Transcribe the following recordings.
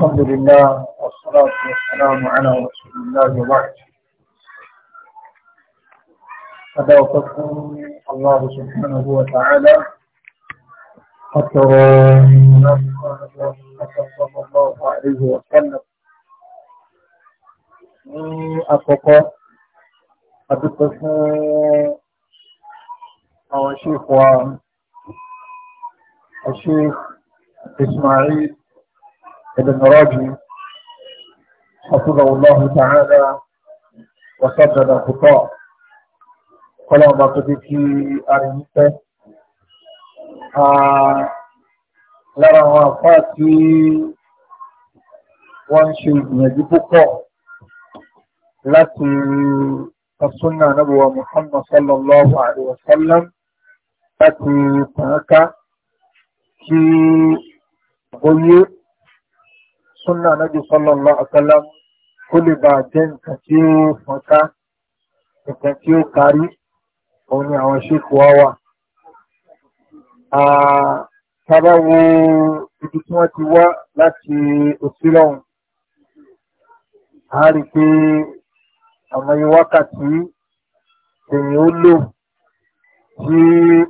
الحمد لله والصلاة والسلام على رسول الله وبعد فدعوتكم الله سبحانه وتعالى أثر صلى الله عليه وسلم من àkọ́kọ́ àdúgbò fún àwọn ṣéèkù wa ṣéèkù ابن راجي حفظه الله تعالى وسدد خطاه قال ما تدكي أرنيته lára àwọn àpá tí wọ́n ń ṣe ìgbìyànjú púpọ̀ láti ọ̀súnà anábọ̀wà Muhammad sallallahu alaihi wasallam láti tànká kí àgbóyé súnà anájú sallallahu alaihi wasallam kó lè bá jẹ́ nǹkan tí ó fọ́nká nǹkan tí ó kárí òun ni àwọn ṣéèkù wá wà. Tábà wo ibi tí wọ́n ti wá láti òsílọ́hùn, a rí pé àwọn iye wákàtí èyí ó lò sí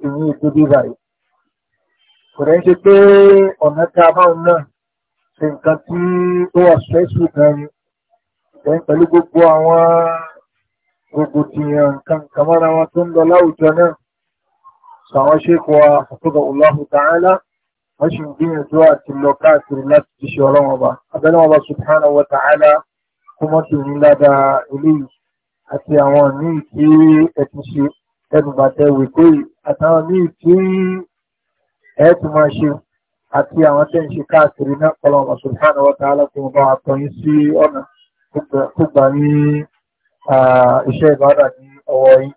èyí ìdóbi báyìí. Kò rẹ́ ṣe pé ọ̀nà tá a máa ń náà nǹkan tí ó wà stressful gan ni lẹ́yìn pẹ̀lú gbogbo àwọn rògbòdìyàn nǹkan nǹkan mọ́ra wọn tó ń lọ láwùjọ náà sàwọn ṣèkọ àfọ́gà Allahu ta'ala wọ́n sì ń gbìyànjú àti lọ káàkiri láti ti ṣe ọlọ́wọ́n ọba abẹ́lẹ́ wọn bá wa ta'ala kó mọ́ sí ní ládàá eléyìí àti àwọn míì tí ẹ ti ṣe ẹnu bàtẹ wèkó àtàwọn míì tí ẹ ti máa ṣe àti àwọn tẹ́ ń ṣe káàkiri náà kọlọ̀mọ̀ subhanahu wa ta'ala kò bá àtọ̀yìn sí ọ̀nà tó gbà ní iṣẹ́ ìbára ní ọwọ́ yìí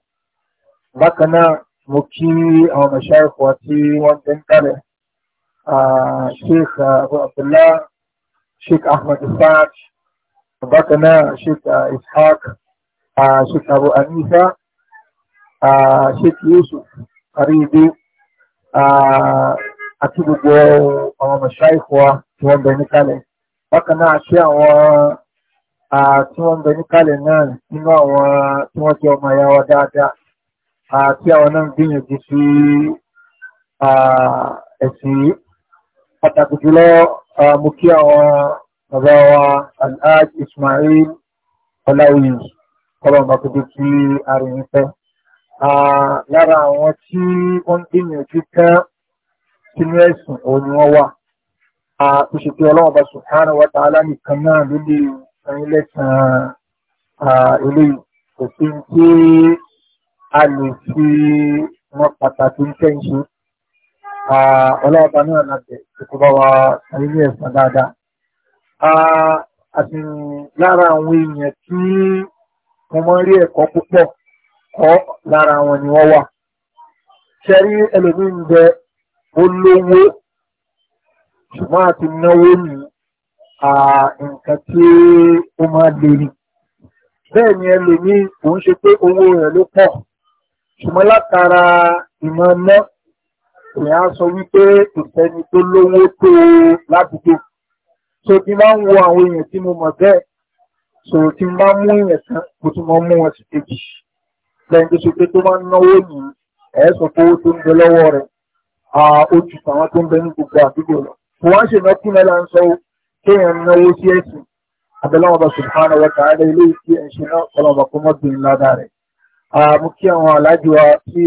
bákan náà mo kí àwọn mashayikh wa tí wọ́n jẹ́ ń kárẹ̀ sheikh abu abdullah sheikh ahmed isaac bákan náà sheikh ishaq sheikh abu anisa sheikh yusuf karibi àti gbogbo àwọn mọ̀ṣáìkù wa tí wọ́n bẹ níkàlẹ̀. Bákan náà ṣé àwọn tí wọ́n bẹ níkàlẹ̀ náà nínú àwọn tí wọ́n jẹ́ ọmọ ìyá wa dáadáa àti àwọn náà gbìyànjú sí ẹ̀sìn yìí. Pàtàkì jùlọ mo kí àwọn bàbá wa Alhaj Ismail Ọláwìyí kọ́lọ́n bá kúndé kí arìnrìn fẹ́. Lára àwọn tí wọ́n gbìyànjú tán sínú ẹ̀sìn òun ni wọ́n wà àtúnṣe pé ọlọ́wọ́n bá subhanahu wa ta'ala nìkan náà ló lè sanyí lẹ́sàn-án eléyìí kò sí tí a lè fi wọn pàtàkì ń tẹ́ǹṣe ọlọ́wọ́n náà lábẹ́ kókó bá wa sanyí ní ẹ̀sán dáadáa àti lára àwọn èèyàn tí wọ́n máa ń rí ẹ̀kọ́ púpọ̀ kọ́ lára wọn ni wọ́n wà ṣẹ́rí ẹlòmíín bẹ́ẹ̀ ó lówó ṣùgbọ́n àti náwó ní nǹkan tí ó máa lè rí bẹ́ẹ̀ ni ẹlòmíì kò ń ṣe pé owó rẹ̀ ló pọ̀ ṣùgbọ́n látara ìmọ̀ náà èèyàn á sọ wípé ìfẹ́ni tó lówó tó ládùúgbò so tí máa ń wo àwọn èèyàn tí mo mọ̀ bẹ́ẹ̀ so tí máa ń mú èèyàn kan kò tún mọ mú wọn sí kejì lẹ́yìn tó ṣe pé tó máa ń náwó nìyí ẹ̀ sọ pé owó tó ń bẹ lọ́wọ́ rẹ̀ oṣù àwọn tó ń bẹ ní gbogbo àdúgbò lọ. Mo wá ń ṣe náà kúnlẹ̀ là ń sọ kéèyàn náwó sí ẹ̀sìn. Abẹ́láwọn ọba Subhanahu wa ta'ala ilé ìfi ẹ̀ṣin náà kọ́lọ̀ ọba kó mọ́bìnrin ládà rẹ̀. Mo kí àwọn aláàjì wa tí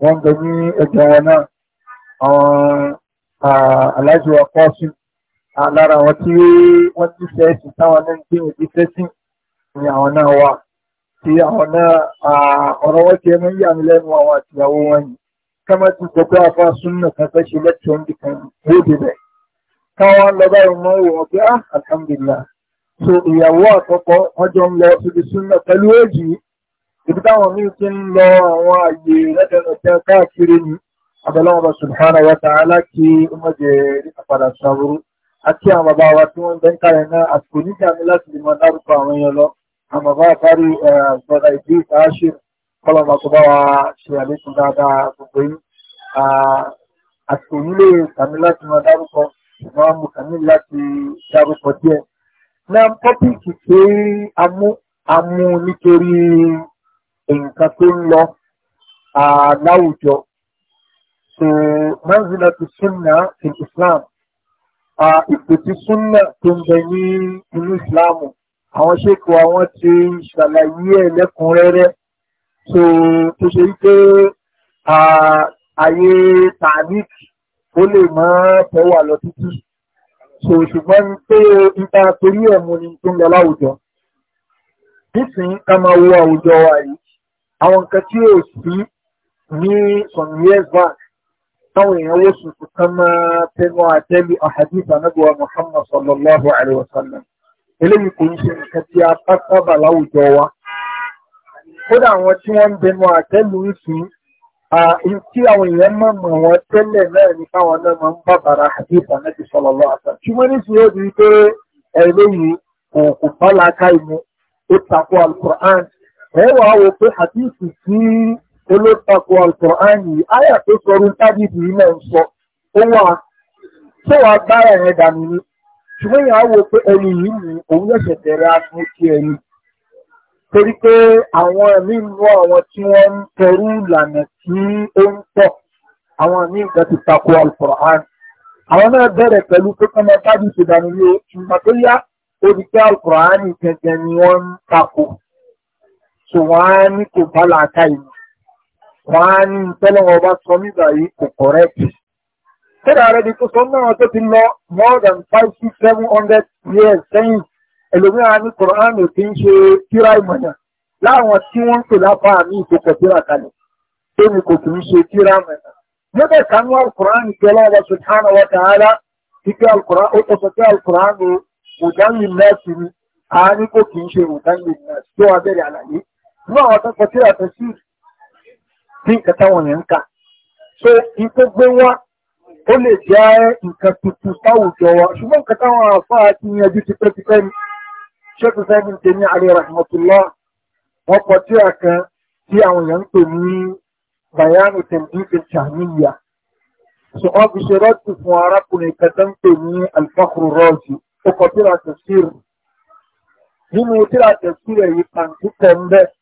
wọ́n bẹ ní ẹgbẹ́ wọn náà. Àwọn aláàjì wa kọ́ sí lára àwọn tí wọ́n ti fẹ́ ẹ̀sìn táwọn náà ń gbé òbí fẹ́sìn ni àwọn náà wà. Tí àwọn náà ọ̀rọ̀ wọn ti ẹnu yà mí lẹ́nu àwọn àtìyàwó wọn yìí kama ti sọ pé afa súnmọ̀ kan fẹ́ ṣe lẹ́tọ̀ọ́ níbi kan lóde rẹ̀ káwọn lọ báyìí mọ́ ìwọ̀n pé ah alhamdulillah so ìyàwó àkọ́kọ́ wọ́n jọ ń lọ síbi súnmọ̀ pẹ̀lú èjì ibi táwọn míì ti ń lọ àwọn àyè lẹ́tẹ̀ẹ̀tẹ̀ káàkiri ni abẹ́lẹ́wọ̀n bá subhanahu wa ta'ala kí ó mọ̀ jẹ́ àpàdà sàbúrú àti àwọn bàbá wa tí wọ́n ń bẹ́ńkà yẹn náà àsìkò níjà mi láti lè mọ dárúkọ àwọn yẹn lọ àwọn bàbá àkárí àgbọ̀dà ìdí ìta kọ́lọ́mà tó bá wa ṣe àlékún dáadáa gbogbo yìí àsìkò nílé kàmí láti máa dárúkọ ṣùgbọ́n mo kàmí láti dárúkọ díẹ̀. na pọ́pìkì pé amú amú nítorí nǹkan tó ń lọ láwùjọ so manzila ti sunna fi islam ipò ti sunna tó ń bẹ ní inú islam àwọn ṣèkò àwọn ti ṣàlàyé ẹ̀ lẹ́kùnrẹ́rẹ́ so tó ṣe wípé ààyè tàník ó lè mọ́ tẹ́wà lọ títí so ṣùgbọ́n pé nípa torí ẹ̀mú ni tó ń lọ láwùjọ nísìnyí ká máa wo àwùjọ wa yìí àwọn nǹkan tí ò sí ní some years back táwọn èèyàn wó sùkú kan máa tẹnu àtẹ́lù àhàdìsà náà Muhammad sallallahu alaihi wasallam eléyìí kò ń ṣe nǹkan tí a bá sábà láwùjọ wa kódà àwọn tí wọ́n ń bẹnu àtẹ́lù ń sìn ààrín tí àwọn èèyàn máa mọ̀ wọ́n tẹ́lẹ̀ náà ní káwọn náà máa ń bàbàrà àdébà náà ti sọ̀rọ̀ lọ́wọ́ àtà ṣùgbọ́n ní ti yóò di pé ẹ̀rọ yìí kò bá làákà ìmú ó takò alukur'an ẹ wà á wò pé olótakò torí pé àwọn ẹ̀mí inú àwọn tí wọ́n ń tẹrú ìlànà tí ó ń tọ̀ àwọn ẹ̀mí nǹkan ti takò alukur'an àwọn náà bẹ̀rẹ̀ pẹ̀lú pé kí wọ́n bá dùn ṣèdánù ní ìgbà tó yá orí pé alukur'an gẹ́gẹ́ ni wọ́n ń takò so wọ́n á ní kò bá làákà yìí wọ́n á ní tọ́lọ́wọ́ bá sọ nígbà yìí kò kọ̀rẹ́ẹ̀tì kódà rẹ̀ di tó sọ náà tó ti lọ more than five six seven hundred years sẹ́yìn ẹlòmíràn ní kòránù tí ń ṣe tíra ìmọ̀nà láwọn tí wọ́n ń pè lápá àmì ìkòkò tíra kalẹ̀ tó ní kò kìí ṣe tíra mọ̀nà. Níbẹ̀ kan wá kòránù tí ọlọ́wọ́ subhanahu wa ta'ala ti pé ó tọ́sọ pé alkòránù òdáyìn nọ́ọ̀sì ni a ní kò kìí ṣe òdáyìn nọ́ọ̀sì tó wá bẹ̀rẹ̀ àlàyé. Mú àwọn akẹ́kọ̀ọ́ tíra tó sí bí nǹkan táwọn yẹn ń kà. So ikú gbé wá ó lè jẹ́ nǹkan tuntun táwùjọ wa ṣùgbọ́n nǹkan táwọn àfáà ti yanjú ti pẹ́ ti pẹ́ ni sheikh simon tèmi alẹ́ rahmatullah wọ́n kọ tíra kan tí àwọn èèyàn ń pè ní bayanu tẹ̀lifí shahmiya so wọ́n fi ṣe rọ́ọ̀tì fún arákùnrin kan tó ń pè ní alfakuru rọ́ọ̀tì ó kọ tíra tafsir nínú tíra tafsir yìí pàǹtí tẹ̀ ń bẹ́ẹ̀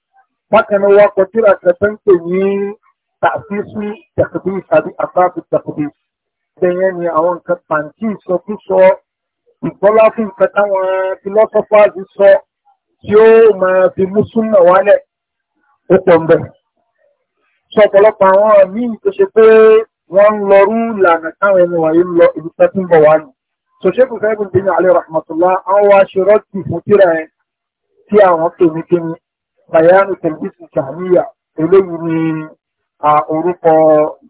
bákan náà wọ́n kọ tíra kan tó ń pè ní tàfíìsì tẹ̀kùbí tàbí àfáàfì tẹ̀kùbí bẹ́ẹ̀ yẹn ni àwọn nǹkan pàǹtí ìsọkúsọ ìgbọ́lá fún nǹkan táwọn philosophers sọ tí ó máa fi mú súnà wálẹ̀ ó pọ̀ ń bẹ̀. sọ ọ̀pọ̀lọpọ̀ àwọn míì tó ṣe pé wọ́n ń lọrú ìlànà táwọn ẹni wọ̀nyí ń lọ ibi tẹ́ tí ń bọ̀ wá nù. sọ ṣé kò fẹ́ bí bí alẹ́ rahmatullah àwọn wa ṣe rọ́ọ̀tì fún tíra ẹ tí àwọn tèmi kíni bayanu tẹlifíṣì sàmìyà eléyìí ni orúkọ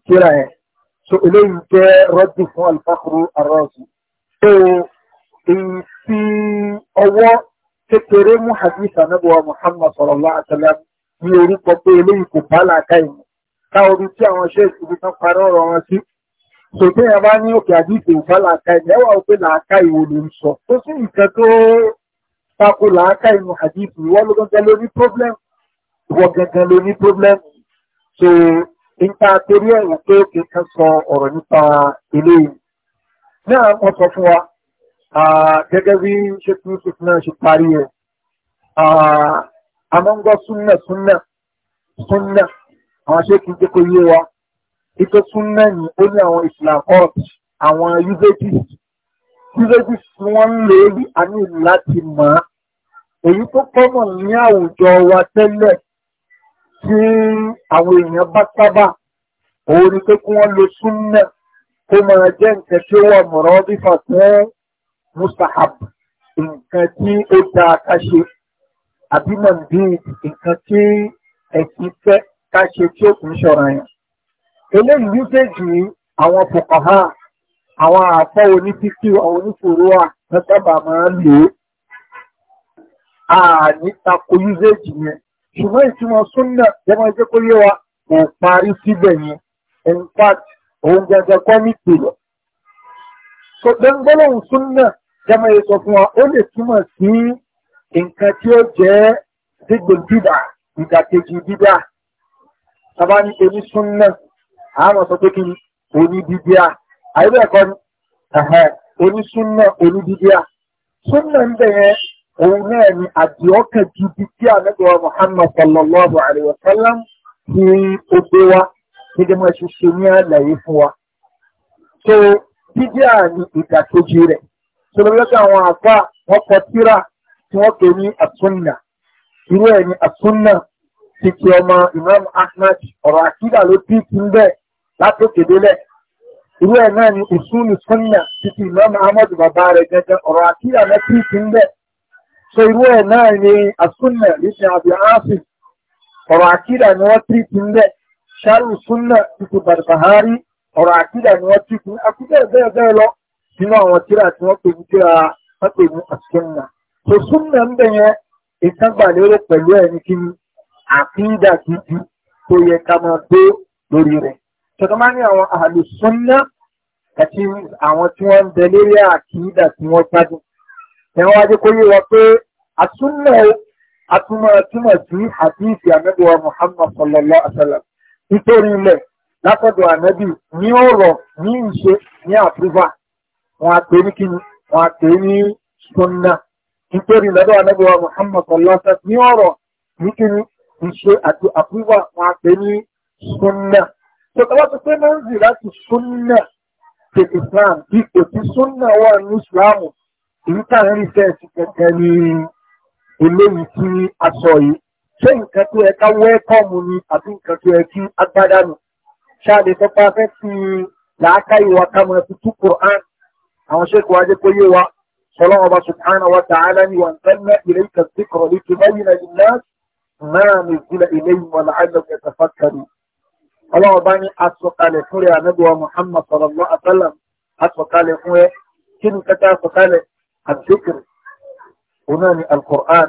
tíra ẹ. so eléyìí jẹ́ rọ́ọ̀tì fún alifakuru arọ́ọ̀sì ìfi ọwọ́ kékeré mú hadith anabuwa muhammad sallallahu alaihi wa sallam ní orúkọ pé eléyìí kò bá làákà ìmọ̀ táwọn ibi tí àwọn ṣe ìbí tán parí ọ̀rọ̀ wọn sí sòtẹ́ yẹn bá ní òkè àdìsí ìfà làákà ìmọ̀ ẹwà ó pé làákà ìwò ló ń sọ tó sì nǹkan tó tako làákà ìmọ̀ àdìsí ìwọ́ ló gangan ló ní problem ìwọ́ gangan ló ní problem so nípa torí ẹ̀yìn pé òkè kan sọ ọ̀rọ̀ nípa eléyìí náà wọ́n sọ fún wa gẹ́gẹ́ bí ṣekú ṣùfúnná ṣe parí ẹ̀ amọ́ngọ́ súnnà súnnà súnnà àwọn ṣekú jẹ́ kó yé wa ipò súnnà ni ó ní àwọn islam court àwọn usages usages tí wọ́n ń lè rí a ní láti mọ̀ á èyí tó kọ́mọ̀ ní àwùjọ wa tẹ́lẹ̀ tí àwọn èèyàn bá sábà òun ni pé kí wọ́n lo súnnà kó máa jẹ́ nǹkan tí ó wà mọ̀rọ́ bí fà mustahab nǹkan tí ó da ká ṣe àbí mandid nǹkan tí ẹ̀sìn fẹ́ ká ṣe tí ó kún ṣọ̀ra yẹn. eléyìí yúkéjì àwọn fòkànhá àwọn àfọ́ onífíkì àwọn onífòrò wà lọ́sọ̀bà máa ń lò ó. àní tako yúkéjì yẹn ṣùgbọ́n ìtumọ̀ súnà jẹ́mọ́ ẹgbẹ́ kó yé wa kò parí síbẹ̀ yẹn in fact òun gẹ́gẹ́ kọ́ ní ìpìlẹ̀. sọ̀tẹ́ ń gbọ́lọ́hùn súnà jẹ́mọ́ yìí sọ fún wa ó lè túmọ̀ sí nǹkan tí ó jẹ́ dígbò bídà ìdàkejì bídà sábà ní onísúnnà àwọn sọ pé kí ni oníbídíà àyíbẹ̀ẹ́kọ́ ni onísúnnà oníbídíà súnnà ń bẹ̀yẹn òun náà ni àdìọ́kàn gidi tí àmẹ́gbẹ̀wá Muhammad sallallahu alayhi wa sallam fi obe wa gẹ́gẹ́ mọ́ ṣe ṣe ní àlàyé fún wa. so bídíà ni ìdàkejì rẹ̀ sọlọ́wọ́sọ àwọn àfa wọ́n kọ tíra tí wọ́n pè ní àtúnnà irú ẹ̀ ní àtúnnà ti ti ọmọ Imam Ahmad ọ̀rọ̀ àkídà ló tí ti ń bẹ̀ látòkè délẹ̀ irú ẹ̀ náà ní usulu sunna ti ti Imam Ahmad bàbá rẹ̀ gẹ́gẹ́ ọ̀rọ̀ àkídà ló tí ti ń bẹ̀ so irú ẹ̀ náà ní àtúnnà lẹ́sìn àbí áàfì ọ̀rọ̀ àkídà ni wọ́n tí ti ń bẹ̀ ṣáàrù sunna ti ti Barbahari àkídà ni wọ́n tí ti ń akídà bẹ́ẹ̀ bẹ́ẹ̀ lọ nínú àwọn tíra tí wọ́n pè ní tíra wọ́n pè ní àṣùnà tó súnmọ̀ ń bẹ̀ yẹn ìtàgbàlérò pẹ̀lú ẹni kí ni àkídà gidi tó yẹ ká máa dé lórí rẹ̀ tọ́tọ́ máa ní àwọn àlùsúnà àti àwọn tí wọ́n ń bẹ lórí àkídà tí wọ́n gbádùn ẹ̀wọ́n wájú kó pé àsúnà atúmọ̀ túmọ̀ sí àdíìsì àmẹ́bíwá Muhammad sallallahu alaihi wọn àpè ní kíni wọn àpè ní sunna nítorí lọ́dọ̀ anábíwá muhammad ọlọ́sẹ̀ ní ọ̀rọ̀ ní kíni ìṣe àti àpúwà wọn àpè ní sunna tó tọ́wọ́ tó pé máa ń zì láti sunna ṣe islam ipò tí sunna wà ní islam èyí tá à ń kẹ̀kẹ́ ní eléyìí tí a sọ yìí ṣé nǹkan tó yẹ ká ni àbí nǹkan tó yẹ kí agbádá ṣáà lè sọ fẹ́ fi làákàyè wa ká máa fi tú Qur'an àwọn ṣékò ajé kó yé wa sọlọ́wọ́ bá subhanahu wa ta'ala ni wọ́n tẹ́lẹ̀ ilé ìkàsíkọ̀ lè ti lẹ́yìn náà ilé náà ní ìdílẹ̀ ilé ìwọ̀n láàrín ẹ̀sẹ̀ fàkàrí ọlọ́wọ́ bá ní asọ̀kalẹ̀ fún rẹ̀ anábíwá muhammad sallallahu alaihi wa fún ẹ kí ni kẹta asọ̀kalẹ̀ àdékìr òun ni alkur'an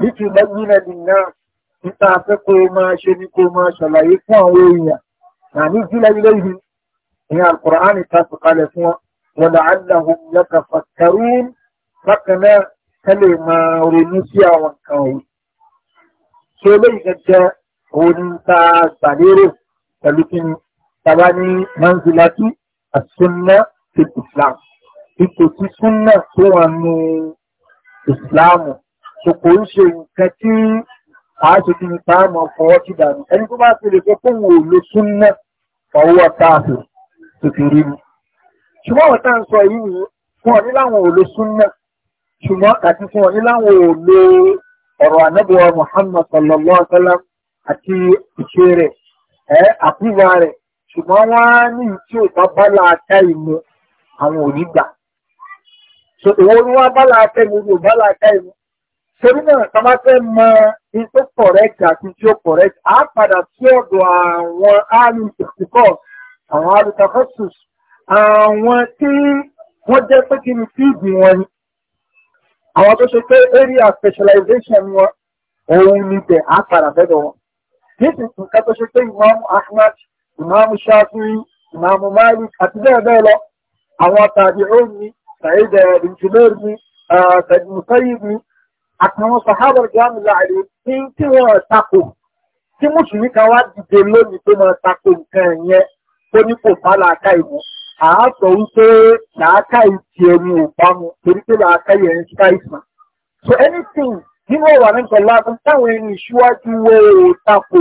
ní ti lẹ́yìn náà ní náà níta afẹ́ kó máa ṣe ní kó máa ṣàlàyé fún àwọn èèyàn àní ìdílẹ̀ ilé ìhìn ìyẹn alkur'an ìta asọ̀kalẹ̀ fún wọn ولعلهم يتفكرون فكنا كلمة رنسيا وانكاوي سولي جدا ونسا ساليرو ولكن تباني منزلة السنة في الإسلام ìtòsí súnà tó wà ní ìsìláàmù tó kò ń ṣe nǹkan tí àáṣojú ní táàmù ọ̀fọwọ́ ti dànù ẹni tó bá ti lè fẹ́ fún òòlò súnà ọwọ́ táàfù tó fi rí mi ṣùgbọ́n àwọn tá à ń sọ yìí fún ọ ní láwọn òòlò súnmọ́ ṣùgbọ́n àti fún ọ ní láwọn òòlò ọ̀rọ̀ ànábìwọ̀ Muhammad sallallahu alaihi wa sallam àti ìṣe rẹ̀ ẹ̀ àkúwà rẹ̀ ṣùgbọ́n wọ́n á ní tí ò bá bá láàtà ìmú àwọn òní gbà. so ìwọ ni wọ́n bá láàtà ìmú ni ò bá láàtà ìmú. torí náà tá a bá fẹ́ mọ ní tó correct àti tí ó correct á padà sí ọ̀dọ̀ àwọn àrùn àwọn àrùn àwọn tí wọ́n jẹ́ pé kí ni fíìdì wọn ni àwọn tó ṣe pé area specialization wọn òun ni tẹ̀ á padà fẹ́dọ̀ wọn nítorí nǹkan tó ṣe pé ìmáàmù ahmad ìmáàmù shafi ìmáàmù malik àti bẹ́ẹ̀ bẹ́ẹ̀ lọ àwọn tàbí òun ni sa'id ìjìnlẹ̀ ni tàbí ah, musayyid ni àtàwọn sàhábà jáàmù láàrin tí tí wọ́n tako tí mùsùlùmí kan wá dìde lónìí tó máa tako nǹkan yẹn tó ní kò fà láàká ìmọ̀ àásọ wípé làákà ìtì ẹni ìpamọ torí pé làákà yẹn ń ṣàìsàn so anything nínú ọ̀wà ní sọ̀lá fún táwọn ẹni ìṣíwájú wo tako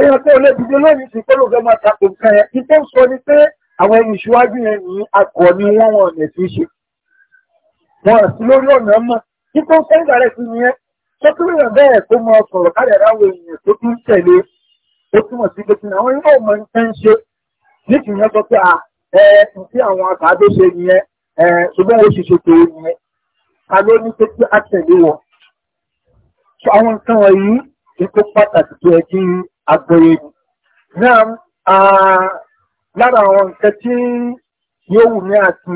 èèyàn tó lè dìde lónìí sí pẹ́lú ọ̀gá máa tako nǹkan yẹn kí tó ń sọ ni pé àwọn ẹni ìṣíwájú yẹn ní akọ ni wọ́n wọn ọ̀nà tí ṣe wọn sí lórí ọ̀nà mọ̀ kí tó ń sọ nígbà rẹ̀ sí nìyẹn sọ pé èèyàn bẹ́ẹ̀ tó mọ sọ̀rọ̀ kálẹ̀ ráwọ èèyàn tó tún tẹ̀lé ó túmọ̀ sí pé kí àwọn yóò mọ nǹkan ṣe nítorí yẹn sọ pé ẹ̀ẹ́n tí àwọn àkàdé ṣe nìyẹn ẹ̀ẹ́n ṣùgbọ́n ó ṣiṣẹ́ tó nìyẹn ta ló ní pé kí á tẹ̀lé wọ̀ so àwọn nǹkan wọ̀nyí ètò pàtàkì tó yẹ kí agbóye ni náà lára àwọn nǹkan tí yóò wù mí àti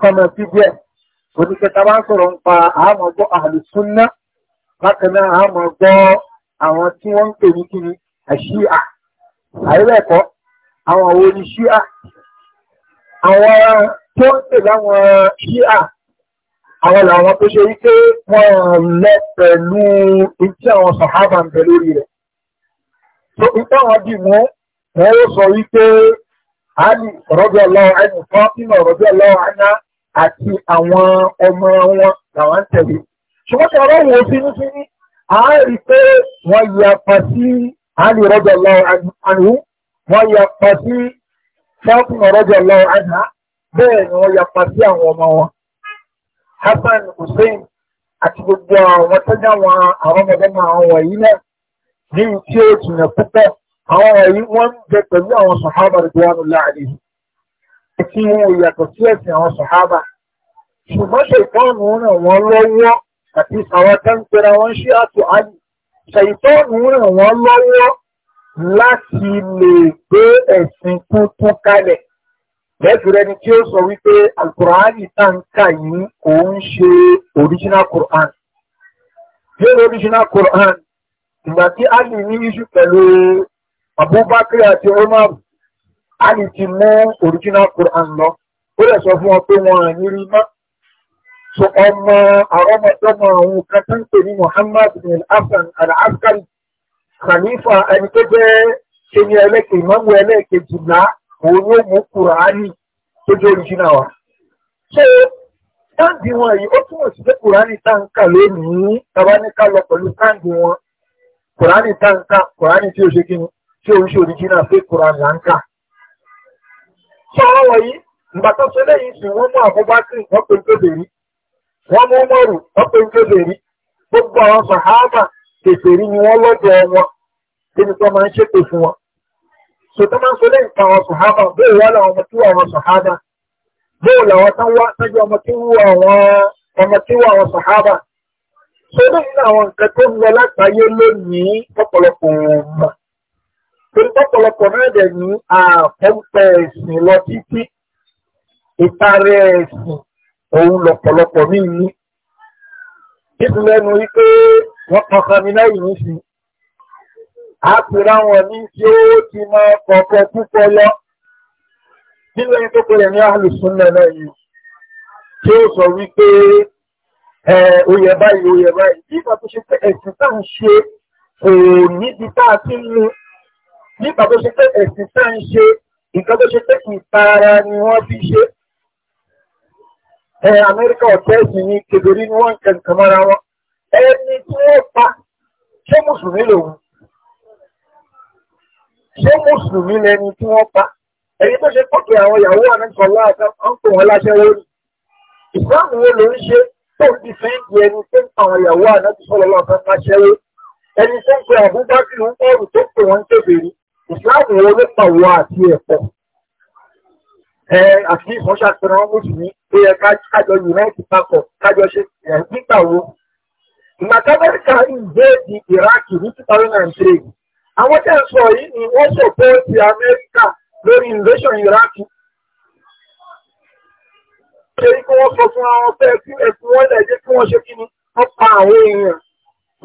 kọmọ sí díẹ̀ oníkẹta bá ń sọ̀rọ̀ nípa àmọ́ gbọ́ àlùsúnná bákan náà àmọ́ gbọ́ àwọn tí wọ́n ń pè ní kíni àṣìyà àìrẹ́kọ̀ọ́ àwọn àwọn oní ṣíà àwọn tó ń pè láwọn ṣíà àwọn làwọn tó ṣe wípé wọ́n lẹ pẹ̀lú ìtí àwọn sàhábà ń bẹ lórí rẹ̀ tó ń táwọn dì mú wọ́n ó sọ wípé Ali rọ́bí ọlọ́wọ́ ẹni Fátímà rọ́bí ọlọ́wọ́ ẹná àti àwọn ọmọ wọn làwọn ń tẹ̀lé ṣùgbọ́n tí ọlọ́run ò sínú sínú àárí pé wọ́n yapa sí Ali rọ́bí ọlọ́wọ́ ẹni wọ́n yapa sí Fátímà ọ̀rọ̀jọ̀ lọ àná bẹ́ẹ̀ ni wọ́n yapa sí àwọn ọmọ wọn. Hassan Hussein àti gbogbo àwọn tẹ́jà wọn àwọn ọmọdéma àwọn wọ̀nyí náà ní tí ó jìnà púpọ̀ àwọn wọ̀nyí wọ́n ń bẹ pẹ̀lú àwọn sọ̀hábà rẹ̀ wọn láàrin. Ẹtí wọn ò yàtọ̀ sí ẹ̀sìn àwọn sọ̀hábà. Ṣùgbọ́n ṣèkọ́ọ̀nù ràn wọ́n lọ́wọ́ àti àwọn tẹ́ńpẹ́ra wọn ṣí àtò àyè. Ṣèkọ́ọ̀nù ràn wọ́n lọ́wọ́ láti lè gbé ẹ̀sìn tuntun kalẹ̀. Lẹ́tùrẹ́ ni kí ó sọ wípé Alkùránì táǹkà yìí kò ń ṣe original Quran. Ṣé original Quran ìgbà tí a lè ní iṣu pẹ̀lú Abubakar àti Omar, a lè ti mú original Quran lọ. Ó lè sọ fún wọn pé wọn à ní rí mọ́. So ọmọ àwọn ọmọdé ọmọ àwọn kan tó ń pè ní Muhammad bin Hassan al-Askari khalifa ẹni tó jẹ́ ṣẹ́ni ẹlẹ́kẹ̀ ìmọ̀mù ẹlẹ́kejì náà òun ló mú kùránì tó jẹ́ òrìjìnà wa. ṣé káàdì wọn yìí ó túmọ̀ sí pé kùránì táǹkà lónìí tabaníkà lọ pẹ̀lú káàdì wọn kùránì táǹkà kùránì tí ó ṣe kíni tí ó ṣe òrìjìnà pé kùránì yìí gbogbo àwọn kèfèrí ni wọ́n lọ́dọ̀ wọn débi tó máa ń ṣépè fún wọn. sọtọ́ máa ń sọ lẹ́yìn táwọn sọ̀hábà bóò wá làwọn ọmọ tí àwọn sọ̀hábà bóò làwọn tán wá tájú ọmọ tí wú àwọn ọmọ tí wú àwọn sọ̀hábà. sọdọ̀ nínú àwọn nǹkan tó ń lọ látàáyé lónìí pọ̀pọ̀lọpọ̀ mọ̀ torí pọ̀pọ̀lọpọ̀ náà dẹ̀ ní àfẹ́ǹpẹ̀ ẹ̀sìn lọ títí ìparẹ́ ẹ̀sìn òun lọ̀pọ̀lọpọ̀ ní ìlú. ìdílẹ́nu wípé wọ́n kan sami lẹ́yìn níṣì á ti ráwọn ní tí ó ti máa kọ̀ọ̀kọ̀ púpọ̀ lọ nílẹ̀ tó pẹ̀lẹ̀ ní àlùsúnlẹ̀ lẹ́yìn tí ó sọ wípé oyè báyìí oyè báyìí nígbà tó ṣe pé ẹ̀sìn tá ń ṣe kò níbi tá a ti ń mu nígbà tó ṣe pé ẹ̀sìn tá ń ṣe nǹkan tó ṣe pé ìtara ni wọ́n fi ṣe. Amẹ́ríkà ọ̀tẹ́ẹ̀sì ni kedere ni wọ́n ń kẹ̀kẹ́ mọ́ra wọn ẹni tí wọ́n pa ṣé mùsùlùmí lòun ṣé mùsùlùmí lẹni tí wọ́n pa ẹni tó ṣe pọ̀kì àwọn ìyàwó àmẹ́sọ̀lá àtàkùn wọn láṣẹ́wó ni ìsìláàmù wo ló ń ṣe tó ń di fẹ́ǹdì ẹni tó ń pa àwọn ìyàwó àmẹ́sọ̀lá àtàkùn láṣẹ́wó ẹni tó ń pe àbúgbàkìlú ń pọ̀rù tó pè wọ́n kébèrè ìsìláàmù wo ló pa wọ àti ẹ̀pọ̀ ẹ àti ìfọ́nṣàpẹ̀rẹ̀ wọn mùsùlùmí tó yẹ kájọ united papọ̀ kájọ ṣe nígbà wo Màtábẹ́ríkà invade Iraq ní 2003. Àwọn tẹ́ ń sọ yìí ni wọ́n sọ̀pọ̀ ti Amẹ́ríkà lórí invasion Iraq. Ṣé kí wọ́n sọ fún àwọn ọ̀fẹ́ kí ẹ̀sùn wọn lẹ̀ jẹ́ kí wọ́n ṣe kí ni wọ́n pa àwọn èèyàn.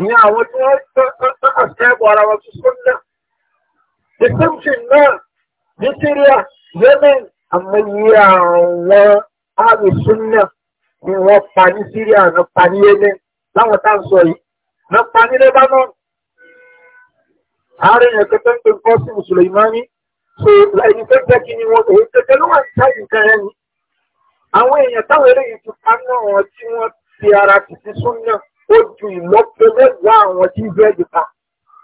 Ìyẹn àwọn tí wọ́n tán àṣẹ́bọ̀ ara wọn tún sọ́nà. The same thing náà ní Syria, Yemen, àmọye àwọn àrùn sọ́nà ni wọ́n pa ní Syria, àwọn pa ní Yemen láwọn tá ń sọ yìí wọ́n pa ní lebanon ààrẹ yẹn kẹtẹ́ ń pè kọ́ sí mùsùlùmí so ẹni tó jẹ́ kí ni wọ́n èyí kẹtẹ́ ló wà ń ta nǹkan ẹni àwọn èèyàn táwọn eléyìí ti pa náà wọn tí wọ́n fi ara títí sún náà ó ju ìlọ́pẹ́ mẹ́wàá àwọn tí ń bẹ́ ẹ̀dì pa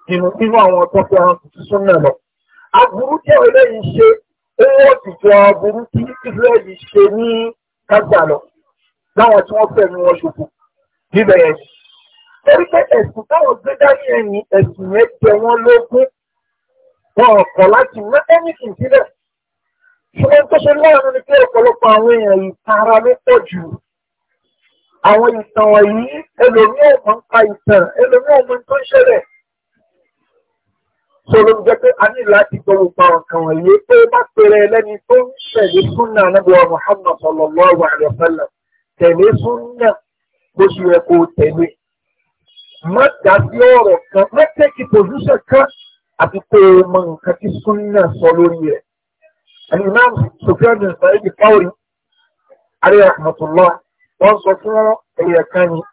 nínú nínú àwọn tó fi ara títí sún náà lọ. aburú tí eléyìí ṣe owó òtítọ́ aburú tí israẹli ṣe ní kájà lọ láwọn tí wọ́n fẹ́ ni wọ́n ṣòfò níbẹ̀ yẹn. torí pé ẹ̀sùn táwọn gbé dání yẹn ni ẹ̀sùn yẹn jẹ wọ́n lógún wọn ọ̀kọ̀ láti mọ ẹ́nìkì sílẹ̀. ṣùgbọ́n tó ṣe láàánú ni pé ọ̀pọ̀lọpọ̀ àwọn èèyàn ìtara ló pọ̀ jù. àwọn ìtàn wọ̀nyí ẹlòmíràn máa ń pa ìtàn ẹlòmíràn máa ń tó ń ṣẹlẹ̀ sọ̀rọ̀ jẹ́ pé a ní láti gbọ́wọ́ pa ọ̀kan wọ̀nyí pé bá pèrè lẹ́ni tó ń tẹ̀lé súnà níbi wa Muhammad sallallahu alaihi wa sallam tẹ̀lé súnà bó ṣe yẹ kó tẹ̀lé má dàbí ọ̀rọ̀ kan má tẹ́kì pòsíṣàn kan àti pé o mọ nǹkan tí súnà sọ lórí rẹ̀ àti imam sofia bin saheed kauri ari rahmatullah wọn sọ fún ẹyẹ kan yìí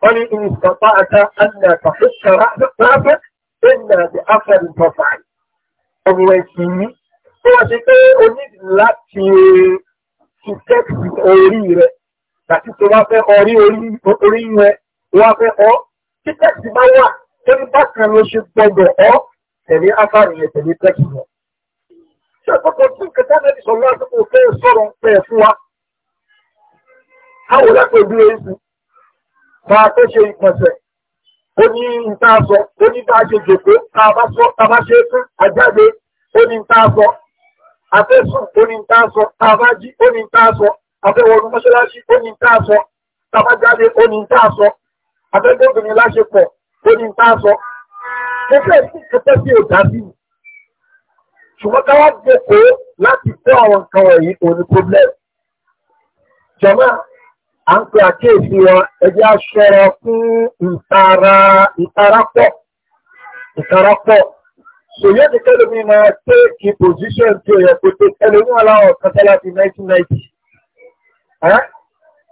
wọn ní ìní sàpá ata anna tàfíkà ráfẹ ẹnna àti afẹrin tọfàì ọmọ ẹsìn yìí ó wá ṣe pé o ní láti ṣiṣẹ́ orí rẹ̀. Tàbí tó wá fẹ́ ọrí orí yẹn, wá fẹ́ ọ, títẹ̀ sí máa wà, tẹ́lú bákan ló ṣe gbọdọ̀ ọ, tẹ̀lé áfàrí yẹn tẹ̀lé tẹ́kì yẹn. Ṣé ọ̀pọ̀ tí nǹkan tá lẹ́bi sọ̀rọ̀ láti kò fẹ́ sọ̀rọ̀ ń pẹ́ fún wa? Káwọ̀ lápẹ̀ bí o sì bá a tó ṣe ìpọ̀sẹ̀. sọ, ó ní bá a ṣe fún àjáde, afẹ́wọ̀n mọ́ṣáláṣí ó ní tá a sọ tabajáde ó ní tá a sọ afẹ́gbẹ́bìnrin láṣepọ̀ ó ní tá a sọ kẹfẹ́ sí kẹfẹ́ sí ọ̀dà sí i ṣùgbọ́n káwá gbòkó láti kó àwọn nǹkan wọ̀nyí òní problem jọ̀mọ́ à ń pe àkíyèsí wọn ẹjẹ́ aṣọra fún ìtara ìtara pọ̀ ìtara pọ̀ sòyè ní kẹlẹ́mi máa tẹ́ẹ̀kì position tí ó yẹ kó tẹ́ẹ̀kì ẹlòmíràn láwọn kan tẹ́lá ti 1990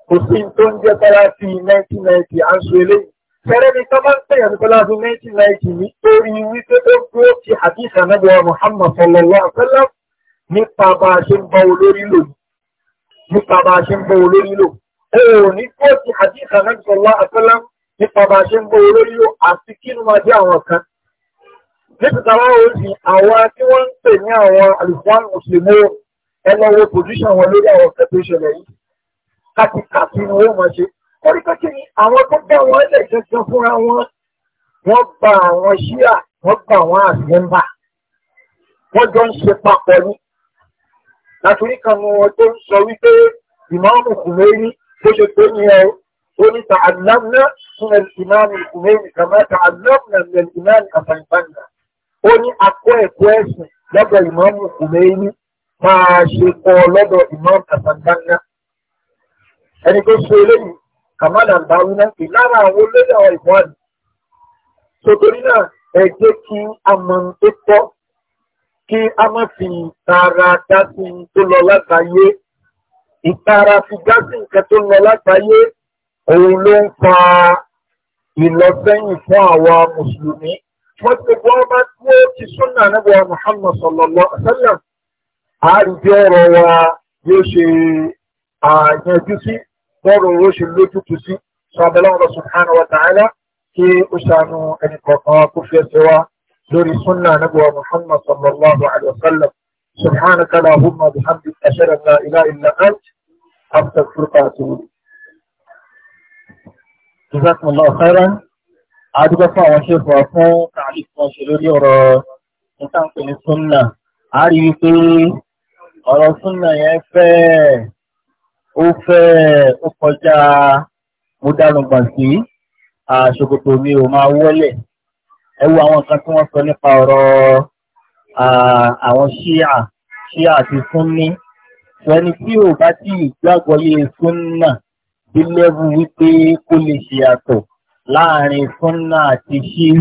kò sí tó ń jẹ́ tọ́láfí 1990 à ń sọ eléyìí fẹ́rẹ́ ni tó ń pèyàn ní tọ́láfí 1990 nítorí wípé ó dúró ti hadith Ànábì Muhammad sallallahu alaihi wasallam nípa bá a ṣe ń bọ́ olórí lò nípa bá a ṣe ń bọ́ olórí lò ó ní dúró ti hadith Ànábì sallallahu alaihi wasallam nípa bá a ṣe ń bọ́ olórí lò àti kí ni pòsíṣàn wọn lórí àwọn kẹtó ìṣẹ̀lẹ̀ yìí láti kàtí ni wọ́n máa ṣe. Orí pé kí ni àwọn tó dá wọn lè gẹ́gẹ́ fúnra wọn, wọ́n gba àwọn ṣíà, wọ́n gba àwọn àfihànbà. Wọ́n jọ ń ṣe papọ̀ ni. Látòrí kan ni wọn tó ń sọ wípé ìmáàmù Kùmẹ́rí bó ṣe pé ní ẹ ó ní ta àlámná fún ẹ ìmáàmù Kùmẹ́rí kàmá ta àlámná fún ẹ ìmáàmù àfàìfàìnà. Ó ní akọ́ ẹ̀kọ́ ẹ̀sìn lọ́dọ̀ ìmáàmù Kùmẹ́rí máa ṣe kọ́ lọ́dọ̀ ìmáàmù àfàìfàìnà ẹni tó ṣe eléyìí kàmádà ń darí náà kì lára àwọn olóyè àwọn ìwádìí sotori náà ẹ jẹ́ kí a mọ tó tọ́ kí a má fi tara dá sí tó lọ látàyé ìtara fi dá nǹkan tó lọ látàyé òun ló ń fa ìlọsẹ́yìn fún àwa mùsùlùmí wọ́n ti gbọ́ bá tí ó ti súnà nígbà Muhammad sallallahu alaihi wasallam àárín bí ọ̀rọ̀ wa yóò ṣe àyànjú sí. دور الروش اللي تتسي صاب الله سبحانه وتعالى كي أسانو أن يقطع كفية سوا دوري سنة نبوة محمد صلى الله عليه وسلم سبحانك لا هم بحمد أشهد أن لا إله إلا أنت أستغفرك وأتوب جزاكم الله خيرا عادي بس أنا شيخ وأفهم تعليق من شلولي إنسان في السنة عادي يقول ورا يا فيه ó fẹ́ ó kọjá mo dárúgbà sí ṣòkòtò mi ò máa wọ́lẹ̀ ẹ wo àwọn nǹkan tí wọ́n sọ nípa ọ̀rọ̀ àwọn ṣíà ṣíà àti súnní ẹni tí ò bá tí ìgbàgbọ́ yé súnnà bí lẹ́bù wípé kó lè ṣe àtọ̀ láàrin súnnà àti ṣíà.